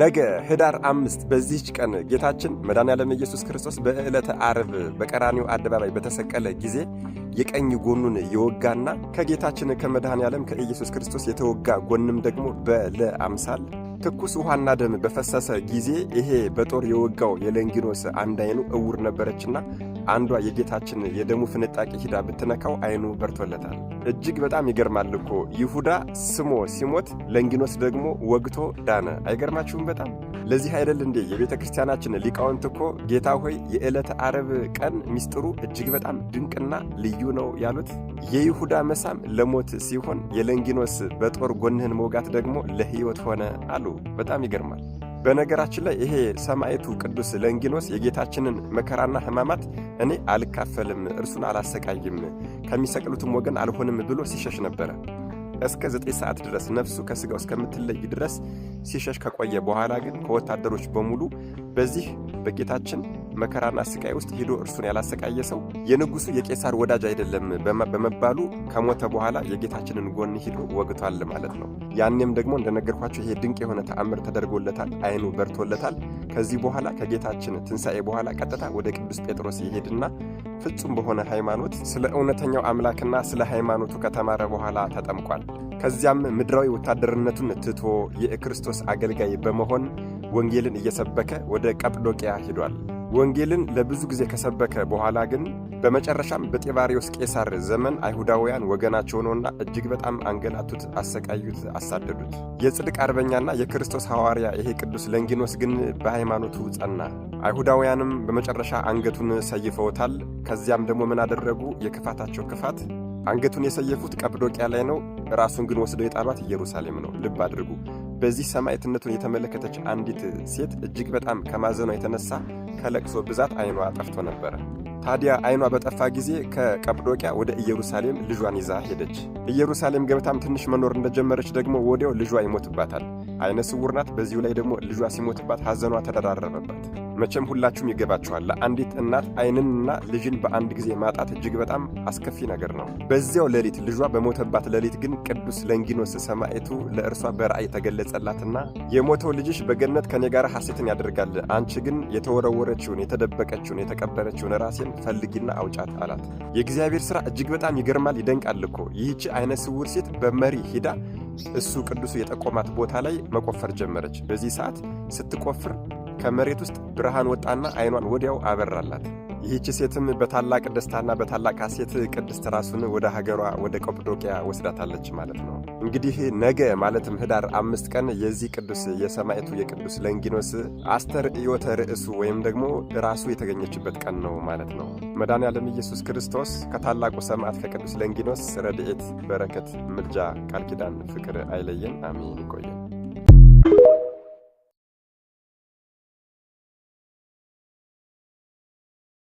ነገ ህዳር አምስት በዚህች ቀን ጌታችን መድኃኔዓለም ኢየሱስ ክርስቶስ በዕለተ ዓርብ በቀራኒው አደባባይ በተሰቀለ ጊዜ የቀኝ ጎኑን የወጋና ከጌታችን ከመድኃኔዓለም ከኢየሱስ ክርስቶስ የተወጋ ጎንም ደግሞ በለ አምሳል ትኩስ ውሃና ደም በፈሰሰ ጊዜ ይሄ በጦር የወጋው የለንጊኖስ አንድ አይኑ እውር ነበረችና አንዷ የጌታችን የደሙ ፍንጣቂ ሂዳ ብትነካው አይኑ በርቶለታል። እጅግ በጣም ይገርማል እኮ ይሁዳ ስሞ ሲሞት፣ ለንጊኖስ ደግሞ ወግቶ ዳነ። አይገርማችሁም? በጣም ለዚህ አይደል እንዴ የቤተ ክርስቲያናችን ሊቃውንት እኮ ጌታ ሆይ የዕለተ አረብ ቀን ሚስጥሩ እጅግ በጣም ድንቅና ልዩ ነው ያሉት። የይሁዳ መሳም ለሞት ሲሆን፣ የለንጊኖስ በጦር ጎንህን መውጋት ደግሞ ለሕይወት ሆነ አሉ። በጣም ይገርማል። በነገራችን ላይ ይሄ ሰማዕቱ ቅዱስ ለንጊኖስ የጌታችንን መከራና ሕማማት እኔ አልካፈልም፣ እርሱን አላሰቃይም፣ ከሚሰቅሉትም ወገን አልሆንም ብሎ ሲሸሽ ነበረ። እስከ ዘጠኝ ሰዓት ድረስ ነፍሱ ከሥጋው እስከምትለይ ድረስ ሲሸሽ ከቆየ በኋላ ግን ከወታደሮች በሙሉ በዚህ በጌታችን መከራና ስቃይ ውስጥ ሄዶ እርሱን ያላሰቃየ ሰው የንጉሱ የቄሳር ወዳጅ አይደለም በመባሉ ከሞተ በኋላ የጌታችንን ጎን ሂዶ ወግቷል ማለት ነው። ያኔም ደግሞ እንደነገርኳቸው ይሄ ድንቅ የሆነ ተአምር ተደርጎለታል። አይኑ በርቶለታል። ከዚህ በኋላ ከጌታችን ትንሣኤ በኋላ ቀጥታ ወደ ቅዱስ ጴጥሮስ ይሄድና ፍጹም በሆነ ሃይማኖት ስለ እውነተኛው አምላክና ስለ ሃይማኖቱ ከተማረ በኋላ ተጠምቋል። ከዚያም ምድራዊ ወታደርነቱን ትቶ የክርስቶስ አገልጋይ በመሆን ወንጌልን እየሰበከ ወደ ቀጵዶቅያ ሂዷል። ወንጌልን ለብዙ ጊዜ ከሰበከ በኋላ ግን በመጨረሻም በጢባሪዎስ ቄሳር ዘመን አይሁዳውያን ወገናቸው ሆነውና እጅግ በጣም አንገላቱት፣ አሰቃዩት፣ አሳደዱት። የጽድቅ አርበኛና የክርስቶስ ሐዋርያ ይሄ ቅዱስ ለንጊኖስ ግን በሃይማኖቱ ጸና። አይሁዳውያንም በመጨረሻ አንገቱን ሰይፈውታል። ከዚያም ደግሞ ምን አደረጉ? የክፋታቸው ክፋት አንገቱን የሰየፉት ቀጵዶቅያ ላይ ነው። ራሱን ግን ወስደው የጣሏት ኢየሩሳሌም ነው። ልብ አድርጉ። በዚህ ሰማዕትነቱን የተመለከተች አንዲት ሴት እጅግ በጣም ከማዘኗ የተነሳ ከለቅሶ ብዛት ዓይኗ ጠፍቶ ነበረ። ታዲያ ዓይኗ በጠፋ ጊዜ ከቀጵዶቅያ ወደ ኢየሩሳሌም ልጇን ይዛ ሄደች። ኢየሩሳሌም ገብታም ትንሽ መኖር እንደጀመረች ደግሞ ወዲያው ልጇ ይሞትባታል። ዓይነ ስውር ናት። በዚሁ ላይ ደግሞ ልጇ ሲሞትባት ሐዘኗ ተደራረበባት። መቼም ሁላችሁም ይገባችኋል። ለአንዲት እናት አይንንና ልጅን በአንድ ጊዜ ማጣት እጅግ በጣም አስከፊ ነገር ነው። በዚያው ሌሊት ልጇ በሞተባት ሌሊት ግን ቅዱስ ለንጊኖስ ሰማዕቱ ለእርሷ በራእይ ተገለጸላትና የሞተው ልጅሽ በገነት ከኔ ጋር ሐሴትን ያደርጋል፣ አንቺ ግን የተወረወረችውን የተደበቀችውን የተቀበረችውን ራሴን ፈልጊና አውጫት አላት። የእግዚአብሔር ሥራ እጅግ በጣም ይገርማል፣ ይደንቃል እኮ ይህቺ አይነ ስውር ሴት በመሪ ሂዳ እሱ ቅዱሱ የጠቆማት ቦታ ላይ መቆፈር ጀመረች። በዚህ ሰዓት ስትቆፍር ከመሬት ውስጥ ብርሃን ወጣና ዓይኗን ወዲያው አበራላት። ይህች ሴትም በታላቅ ደስታና በታላቅ ሐሴት ቅድስት ራሱን ወደ ሀገሯ ወደ ቆጵዶቅያ ወስዳታለች ማለት ነው። እንግዲህ ነገ ማለትም ህዳር አምስት ቀን የዚህ ቅዱስ የሰማዕቱ የቅዱስ ለንጊኖስ አስተርእዮተ ርእሱ ወይም ደግሞ ራሱ የተገኘችበት ቀን ነው ማለት ነው። መድኃኔ ዓለም ኢየሱስ ክርስቶስ ከታላቁ ሰማዕት ከቅዱስ ለንጊኖስ ረድኤት፣ በረከት፣ ምልጃ፣ ቃል ኪዳን፣ ፍቅር አይለየን። አሜን። ይቆየን።